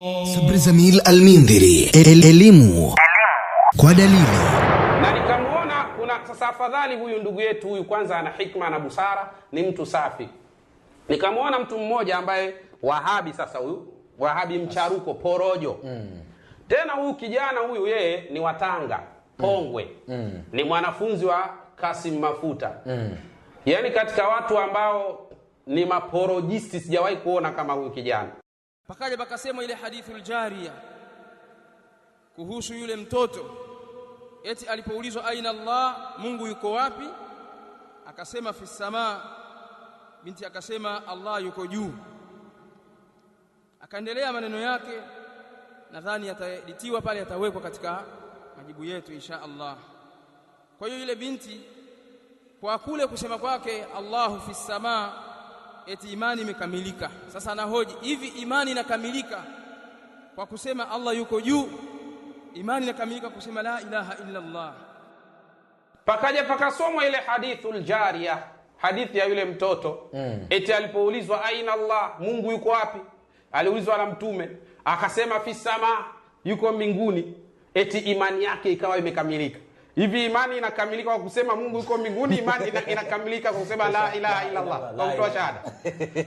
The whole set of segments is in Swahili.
Sabri Zamil el elimu kwa dalili. Na nikamwona kuna sasa, afadhali huyu ndugu yetu huyu, kwanza ana hikma na busara, ni mtu safi. Nikamwona mtu mmoja ambaye wahabi, sasa huyu wahabi mcharuko, porojo mm. Tena huyu kijana huyu, yeye ni Watanga Pongwe mm. ni mwanafunzi wa Kasim Mafuta mm. yaani katika watu ambao ni maporojisti sijawahi kuona kama huyu kijana pakaja pakasema ile hadithu ljaria kuhusu yule mtoto eti alipoulizwa aina Allah Mungu yuko wapi akasema fi samaa binti akasema Allah yuko juu akaendelea maneno yake nadhani yataeditiwa pale yatawekwa katika majibu yetu insha Allah kwa hiyo yule binti kwa kule kusema kwake Allahu fi samaa eti imani imekamilika. Sasa anahoji hivi, imani inakamilika kwa kusema Allah yuko juu? Imani inakamilika kusema la ilaha illa Allah? Pakaja pakasomwa ile hadithul jariya, hadithi ya yule mtoto mm. eti alipoulizwa aina Allah, Mungu yuko wapi? Aliulizwa na Mtume akasema fi sama, yuko mbinguni. Eti imani yake ikawa imekamilika. Hivi imani inakamilika kwa kusema Mungu yuko mbinguni? Imani inakamilika kwa kusema la ilaha illa Allah, kwa kutoa shahada.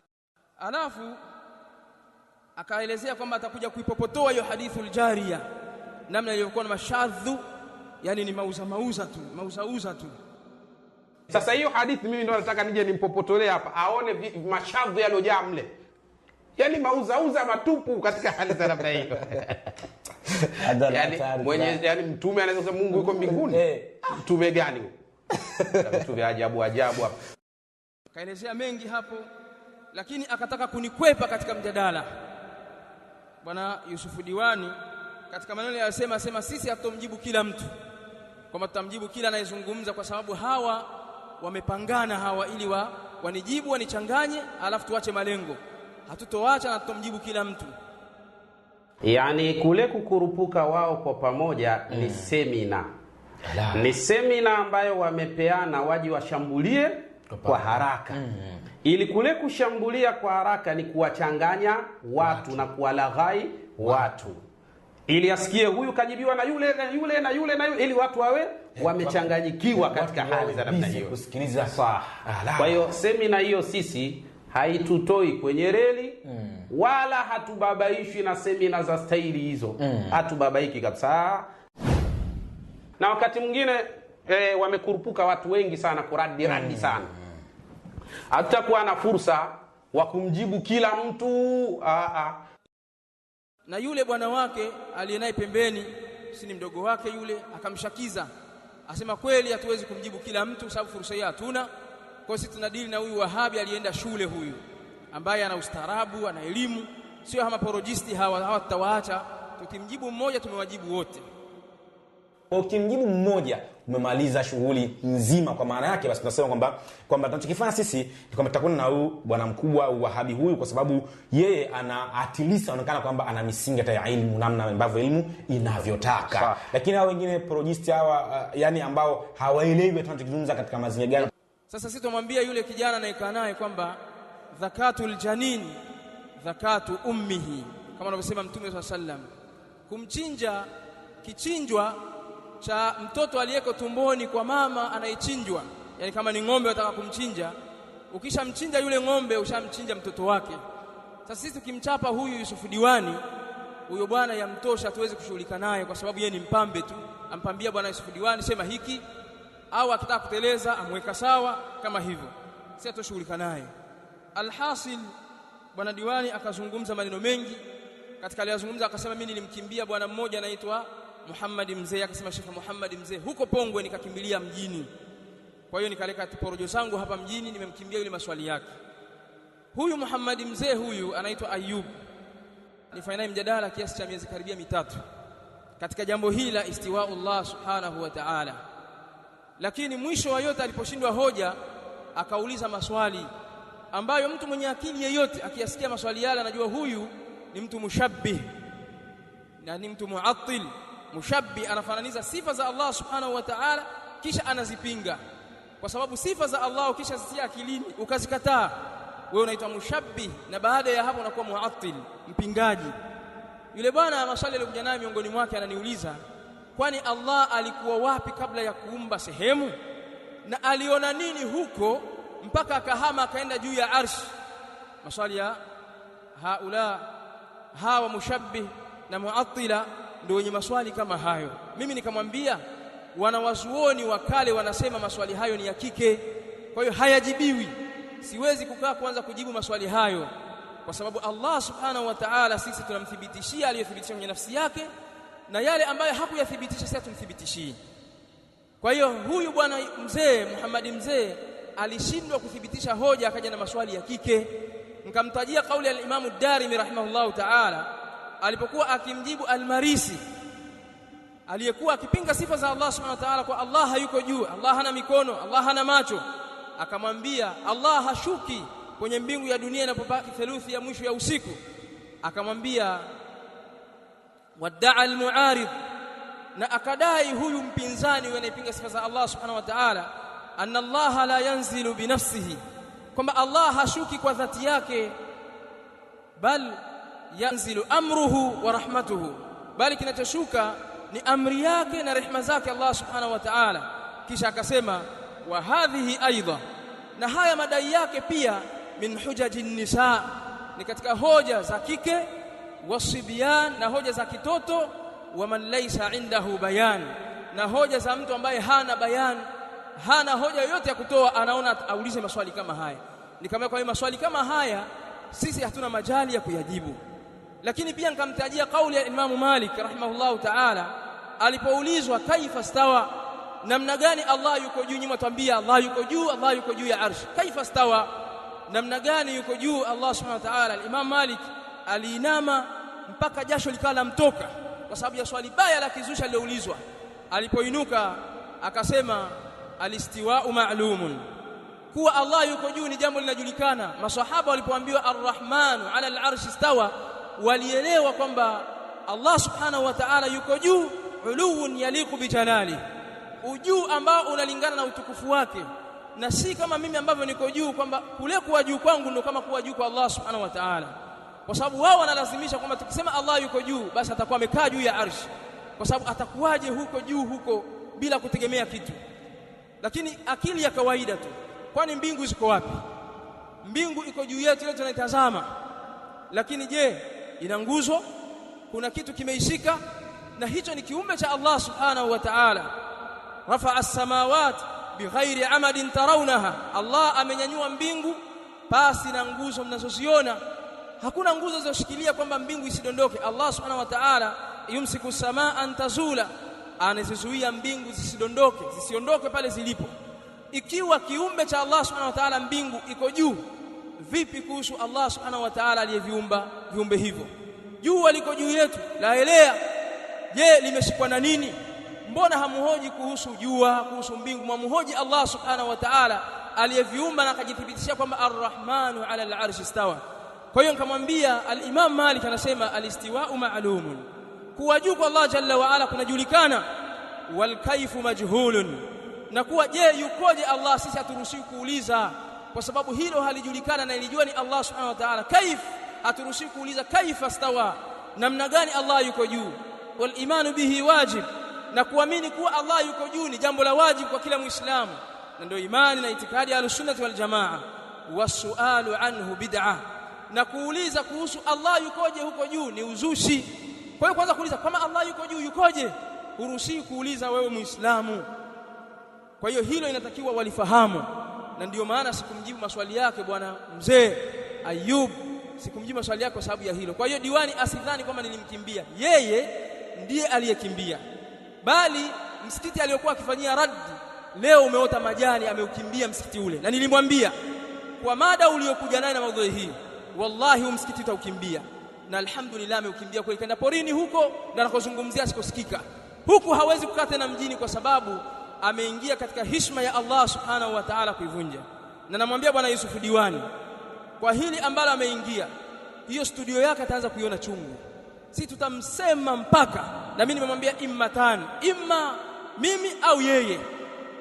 Alafu akaelezea kwamba atakuja kuipopotoa hiyo hadithul jariya, namna ilivyokuwa na mashadhu, yani ni mauza mauza tu, mauza uza tu. Sasa hiyo hadithi mimi ndo nataka nije nimpopotolee hapa, aone mashadhu yaliyojaa mle, yani mauzauza matupu katika hali za namna hiyo. yani, mwenye, yani mtume anaweza kusema mungu yuko mbinguni eh. mtume gani vitu vya ajabu ajabu hapa akaelezea mengi hapo lakini akataka kunikwepa katika mjadala bwana Yusufu Diwani katika maneno yasema asema sisi hatutomjibu kila mtu kwamba tutamjibu kila anayezungumza kwa sababu hawa wamepangana hawa ili wa, wanijibu wanichanganye alafu tuache malengo hatutoacha na tutomjibu kila mtu yaani kule kukurupuka wao kwa pamoja mm. ni semina Ala. ni semina ambayo wamepeana waji washambulie kwa haraka mm. ili kule kushambulia kwa haraka ni kuwachanganya watu, watu na kuwalaghai watu, watu ili asikie huyu kajibiwa na yule na yule na yule na yule, ili watu wawe eh, wamechanganyikiwa katika hali za namna hiyo. Ah, kwa hiyo semina hiyo sisi haitutoi kwenye reli mm wala hatubabaishwi na semina za staili hizo mm. hatubabaiki kabisa. Na wakati mwingine e, wamekurupuka watu wengi sana kuradi mm. radi sana, hatutakuwa na fursa wa kumjibu kila mtu aa, Na yule bwana wake aliye naye pembeni, sini mdogo wake yule, akamshakiza asema, kweli hatuwezi kumjibu kila mtu sababu fursa hii hatuna. Kwa hiyo sisi tunadili na huyu wahabi aliyeenda shule huyu ambaye ana ustaarabu, ana elimu, sio maporojisti hawa. Hawa tutawaacha, tukimjibu mmoja tumewajibu wote. Kwa ukimjibu mmoja umemaliza shughuli nzima. Kwa maana yake basi tunasema kwamba kwamba tunachokifanya sisi ni kwamba tutakwenda na huyu bwana mkubwa wahabi huyu, kwa sababu yeye ana at anaonekana kwamba ana misingi hata ya elimu, namna ambavyo elimu inavyotaka. Lakini hao wengine projisti hawa, uh, yani ambao hawaelewi tunachokizungumza katika mazingira gani. Sasa sisi tumwambia yule kijana anayekaa naye kwamba dhakatu ljanini dhakatu ummihi, kama anavyosema Mtume saa sallam, kumchinja kichinjwa cha mtoto aliyeko tumboni kwa mama anayechinjwa. Yani kama ni ng'ombe wataka kumchinja, ukishamchinja yule ng'ombe ushamchinja mtoto wake. Sasa sisi tukimchapa huyu Yusufu Diwani, huyo bwana yamtosha, hatuwezi kushughulika naye kwa sababu yeye ni mpambe tu. Ampambia bwana Yusufu Diwani, sema hiki, au akitaka kuteleza amweka sawa, kama hivyo, si atoshughulika naye. Alhasil, bwana diwani akazungumza maneno mengi, katika aliyozungumza akasema, mimi nilimkimbia bwana mmoja anaitwa Muhammad Mzee, akasema Sheikh Muhammad Mzee, huko Pongwe nikakimbilia mjini. Kwa hiyo nikaleka porojo zangu hapa mjini, nimemkimbia yule maswali yake. Huyu Muhammad Mzee huyu anaitwa Ayub, nifanya mjadala kiasi cha miezi karibia mitatu katika jambo hili la Allah subhanahu wa ta'ala, lakini mwisho wa yote aliposhindwa hoja akauliza maswali ambayo mtu mwenye akili yeyote akiyasikia maswali yale anajua huyu ni mtu mushabbih na ni mtu muattil. Mushabbih anafananiza sifa za Allah subhanahu wa ta'ala, kisha anazipinga, kwa sababu sifa za Allah kisha zisia akilini ukazikataa, wewe unaitwa mushabbih, na baada ya hapo unakuwa muattil, mpingaji. Yule bwana maswali aliyokuja nayo miongoni mwake ananiuliza, kwani Allah alikuwa wapi kabla ya kuumba sehemu na aliona nini huko mpaka akahama akaenda juu ya arshi. Maswali ya haula hawa mushabbih na muattila ndio wenye maswali kama hayo. Mimi nikamwambia wanawazuoni wa kale wanasema maswali hayo ni ya kike, kwa hiyo hayajibiwi. Siwezi kukaa kuanza kujibu maswali hayo, kwa sababu Allah subhanahu wa ta'ala, sisi tunamthibitishia aliyothibitisha kwenye nafsi yake, na yale ambayo hakuyathibitisha sisi hatumthibitishii. Kwa hiyo huyu bwana mzee Muhammad mzee alishindwa kuthibitisha hoja, akaja na maswali ya kike. nikamtajia kauli ya Imamu Darimi rahimahullahu taala alipokuwa akimjibu Almarisi aliyekuwa akipinga sifa za Allah subhanahu wa ta'ala, kwa Allah hayuko juu, Allah hana mikono, Allah hana macho. Akamwambia Allah hashuki kwenye mbingu ya dunia inapobaki theluthi ya mwisho ya usiku. Akamwambia wadaa almuaridh, na akadai huyu mpinzani huyu anayepinga sifa za Allah subhanahu wa ta'ala أن الله لا ينزل بنفسه كما الله حشوك وذاتياك بل ينزل أمره ورحمته بل كنتشوك لأمرياك نرحمة ذاك الله سبحانه وتعالى كيشا كسيما وهذه أيضا نهاية مدياك بيا من حجج النساء نكتك هوجة زكيك والصبيان نهوجة زكيتوتو ومن ليس عنده بيان نهوجة زامتو أمبايه هانا بيان hana hoja yoyote ya kutoa, anaona aulize maswali kama haya. Nikamwambia kwa hiyo maswali kama haya sisi hatuna majali ya kuyajibu, lakini pia nikamtajia kauli ya Imamu Malik rahimahullahu taala alipoulizwa kaifa stawa, namna gani Allah yuko juu. Nyuma twambia Allah yuko juu, Allah yuko juu ya arshi. Kaifa stawa, namna gani yuko juu Allah subhanahu wa taala. Imamu Malik aliinama mpaka jasho likawa lamtoka kwa sababu ya swali baya la kizusha lililoulizwa. Alipoinuka akasema alistiwau ma'lumun kuwa Allah yuko juu ni jambo linajulikana maswahaba walipoambiwa arrahmanu ala al stawa walielewa kwamba Allah subhanahu wa ta'ala yuko juu uluun yaliku bijalali ujuu ambao unalingana na utukufu wake na si kama mimi ambavyo niko juu kwamba kule kuwa juu kwangu ndio kama kuwa juu kwa Allah subhanahu wa ta'ala kwa sababu wao wanalazimisha kwamba tukisema Allah yuko juu basi atakuwa amekaa juu ya arshi kwa sababu atakuwaje huko juu huko bila kutegemea kitu lakini akili ya kawaida tu. Kwani mbingu ziko wapi? Mbingu iko juu yetu leo tunaitazama, lakini je, ina nguzo? Kuna kitu kimeishika? Na hicho ni kiumbe cha Allah subhanahu wa ta'ala. Rafaa as-samawat bighairi amadin tarawnaha, Allah amenyanyua mbingu pasi na nguzo mnazoziona. Hakuna nguzo zoshikilia kwamba mbingu isidondoke. Allah subhanahu wa ta'ala yumsiku samaa an tazula anazizuia mbingu zisidondoke zisiondoke pale zilipo. Ikiwa kiumbe cha Allah subhanahu wa ta'ala mbingu iko juu, vipi kuhusu Allah subhanahu wa ta'ala aliyeviumba viumbe hivyo? Jua liko juu yetu laelea, je, limeshikwa na nini? Mbona hamuhoji kuhusu jua, kuhusu mbingu? Mwamuhoji Allah subhanahu wa ta'ala aliyeviumba na akajithibitishia kwamba arrahmanu ala al-arshi stawa. Kwa hiyo nikamwambia al-Imam Malik anasema alistiwa'u ma'lumun kuwa juu kwa Allah jalla waala kunajulikana, walkaifu majhulun, na kuwa je yukoje Allah sisi haturuhusiwi kuuliza, kwa sababu hilo halijulikana na ilijua ni Allah subhanahu wa ta'ala. Kaif, haturuhusiwi kuuliza kaifa stawa, namna gani Allah yuko juu. Walimanu bihi wajib, na kuamini kuwa Allah yuko juu ni jambo la wajibu kwa kila mwislamu na ndio imani na itikadi ya Ahlusunnati Waljamaa. Wasualu anhu bid'a, na kuuliza kuhusu Allah yukoje huko juu ni uzushi kwa hiyo kwanza kuuliza kama Allah yuko juu yukoje, huruhusiwi kuuliza wewe Muislamu. Kwa hiyo hilo inatakiwa walifahamu, na ndiyo maana sikumjibu maswali yake bwana mzee Ayub, sikumjibu maswali yake kwa sababu ya hilo. Kwa hiyo diwani asidhani kwamba nilimkimbia yeye, ndiye aliyekimbia, bali msikiti aliyokuwa akifanyia raddi leo umeota majani, ameukimbia msikiti ule, na nilimwambia kwa mada uliyokuja naye na maudhui hii, wallahi huu msikiti utaukimbia na alhamdulillah ameukimbia kweli, porini huko ndo anakozungumzia sikosikika. Huku hawezi kukaa tena mjini, kwa sababu ameingia katika hishma ya Allah subhanahu wa ta'ala kuivunja. Na namwambia bwana Yusufu Diwani, kwa hili ambalo ameingia, hiyo studio yake ataanza kuiona chungu, si tutamsema mpaka. Na mimi nimemwambia tani imma mimi au yeye,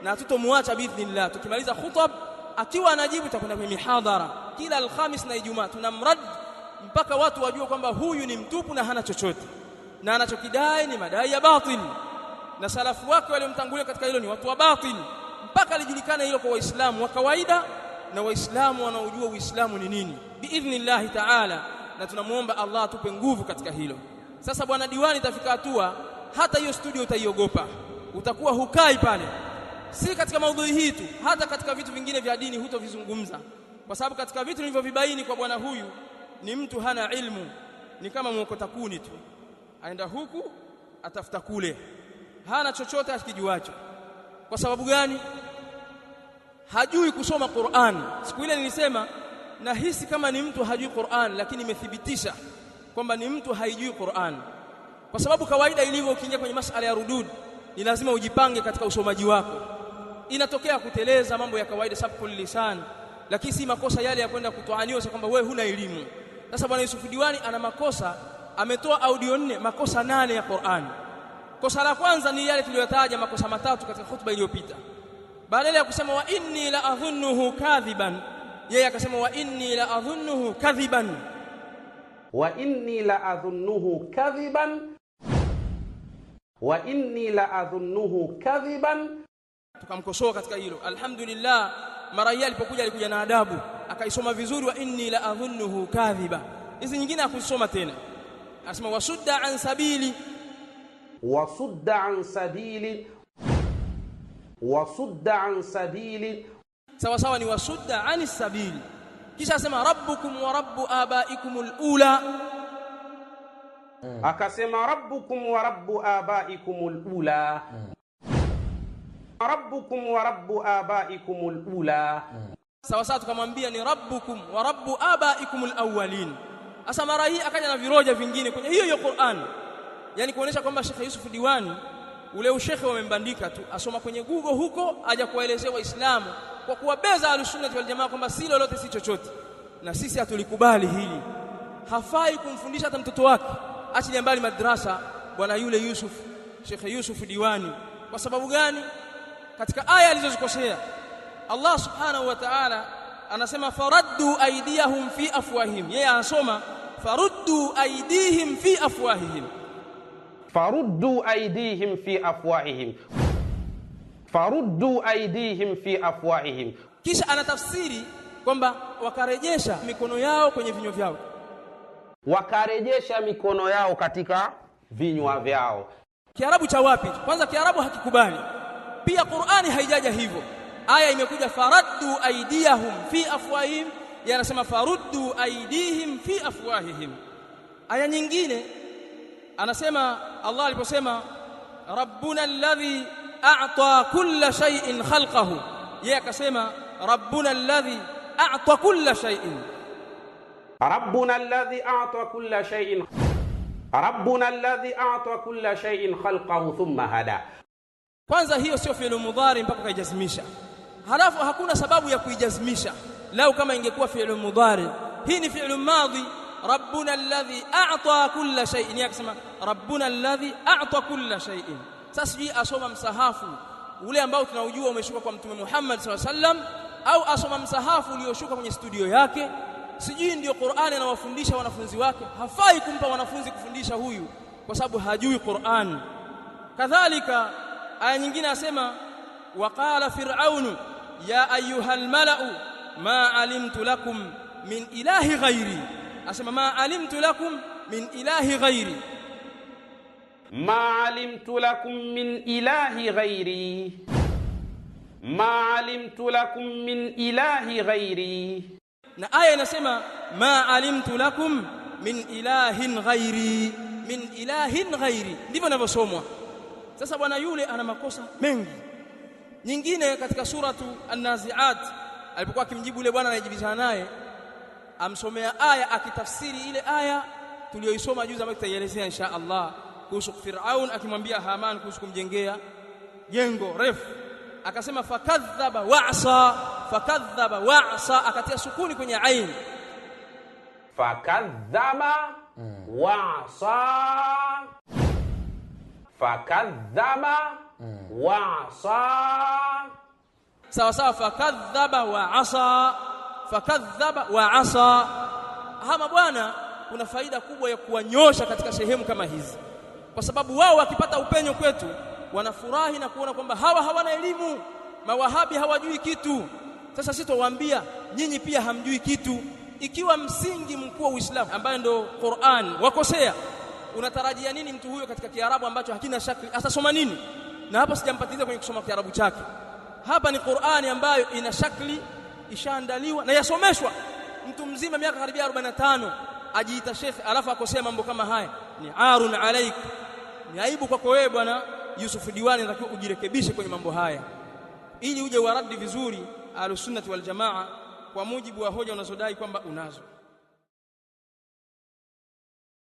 na hatutomwacha biidhnillah. Tukimaliza khutab, akiwa anajibu, tutakwenda kwenye mihadhara kila Alhamis na Ijumaa mradi mpaka watu wajue kwamba huyu ni mtupu na hana chochote na anachokidai ni madai ya batil na salafu wake waliomtangulia katika hilo ni watu wa batil mpaka lijulikane hilo kwa waislamu wa kawaida na waislamu wanaojua uislamu ni nini biidhnillahi taala na tunamwomba Allah atupe nguvu katika hilo sasa bwana diwani itafika hatua hata hiyo studio utaiogopa utakuwa hukai pale si katika maudhui hii tu hata katika vitu vingine vya dini hutovizungumza kwa sababu katika vitu nilivyovibaini kwa bwana huyu ni mtu hana ilmu ni kama mwokota kuni tu aenda huku atafuta kule hana chochote akijuacho kwa sababu gani hajui kusoma Qur'an siku ile nilisema nahisi kama ni mtu hajui Qur'an lakini imethibitisha kwamba ni mtu haijui Qur'an kwa sababu kawaida ilivyo ukiingia kwenye masala ya rudud ni lazima ujipange katika usomaji wako inatokea kuteleza mambo ya kawaida sabqul lisan lakini si makosa yale ya kwenda kutoaniwa kwamba wewe huna elimu sasa bwana Yusufu Diwani ana makosa, ametoa audio nne, makosa nane ya Qur'ani. Kosa la kwanza ni yale tuliyotaja makosa matatu katika hutuba iliyopita. Badala ya kusema wa inni la adhunnuhu kadhiban, yeye akasema wa inni la adhunnuhu kadhiban, wa inni la adhunnuhu kadhiban, wa inni la adhunnuhu kadhiban. Tukamkosoa katika hilo. Alhamdulillah, mara hii alipokuja alikuja na adabu akaisoma vizuri wa inni la adhunnuhu kadhiba hizi nyingine akusoma tena anasema wasudda an sabili wasudda an sabili wasudda an sabili sawa sawa ni wasudda an sabili kisha asema rabbukum wa rabbu abaikumul ula akasema rabbukum wa rabbu abaikumul ula rabbukum wa rabbu abaikumul ula sawa sawa tukamwambia ni rabbukum wa rabbu abaikum alawwalin sasa mara hii akaja na viroja vingine kwenye hiyo hiyo Qur'an yani kuonesha kwamba Sheikh Yusuf Diwani ule ushekhe wamembandika tu asoma kwenye Google huko aja kuwaelezea waislamu kwa kuwabeza alusunnati wal jamaa kwamba si lolote si chochote na sisi hatulikubali hili hafai kumfundisha hata mtoto wake achilia mbali madrasa bwana yule Yusuf Sheikh Yusuf Diwani kwa sababu gani katika aya alizozikosea Allah subhanahu wa ta'ala anasema faraddu aidiyahum fi afwahihim, yeye anasoma faruddu aydihim fi afwahihim, faruddu aydihim fi afwahihim, faruddu aydihim fi afwahihim. Kisha anatafsiri kwamba wakarejesha mikono yao kwenye vinywa vyao, wakarejesha mikono yao katika vinywa vyao. Kiarabu cha wapi? Kwanza Kiarabu hakikubali, pia Qur'ani haijaja hivyo aya imekuja faraddu aidiyahum fi afwahihim, yanasema faruddu aidihim fi afwahihim. Aya nyingine anasema Allah aliposema rabbuna alladhi a'ta kulla shay'in khalqahu, yeye akasema rabbuna alladhi a'ta kulla shay'in rabbuna alladhi a'ta kulla shay'in rabbuna alladhi a'ta kulla shay'in khalqahu thumma hada. Kwanza hiyo sio fi'lu mudhari mpaka kaijazmisha halafu hakuna sababu ya kuijazimisha lau kama ingekuwa fi'lu mudhari hii ni fi'lu madhi rabbuna alladhi a'ta kulla shay'in yakisema rabbuna alladhi a'ta kulla shay'in sasa hii asoma msahafu ule ambao tunaujua umeshuka kwa mtume Muhammad SAW sallam au asoma msahafu ulioshuka kwenye studio yake sijui ndio Qur'ani anawafundisha wanafunzi wake hafai kumpa wanafunzi kufundisha huyu kwa sababu hajui Qur'an kadhalika aya nyingine asema waqala fir'aunu ya ayuha almalau ma alimtu lakum min ilahi ghairi asema ma alimtu lakum min ilahi ghairi ما علمت لكم من إله غيري ما علمت لكم من إله غيري na aya inasema ma alimtu lakum min ilahin ghairi min ilahin ghairi ndivyo inavyosomwa sasa bwana yule ana makosa mengi nyingine katika suratu an-naziat alipokuwa akimjibu yule bwana anayejibizana naye amsomea aya akitafsiri ile aya tuliyoisoma juzi ambayo tutaielezea insha Allah kuhusu Firaun akimwambia Haman kuhusu kumjengea jengo refu akasema fakadhaba wa'sa fakadhaba wa'sa akatia sukuni kwenye aini fakadhaba hmm. wa'sa fakadhaba Mm. wa asa sawa sawa fakadhaba wa'asa fakadhaba asa hama bwana kuna faida kubwa ya kuwanyosha katika sehemu kama hizi kwa sababu wao wakipata upenyo kwetu wanafurahi na kuona kwamba hawa hawana elimu mawahabi hawajui kitu sasa sisi tuwaambia nyinyi pia hamjui kitu ikiwa msingi mkuu wa Uislamu ambaye ndio Qur'an wakosea unatarajia nini mtu huyo katika Kiarabu ambacho hakina shakli atasoma nini na hapa sijampatiliza kwenye kusoma Kiarabu chake. Hapa ni Qur'ani ambayo ina shakli ishaandaliwa na yasomeshwa mtu mzima miaka karibia 45 ajiita shekhe alafu akosea mambo kama haya ni arun alaik ni aibu kwako wewe bwana Yusuf Diwani natakiwa ujirekebishe kwenye mambo haya ili uje waradi vizuri ahlusunnati waljamaa kwa mujibu wa hoja unazodai kwamba unazo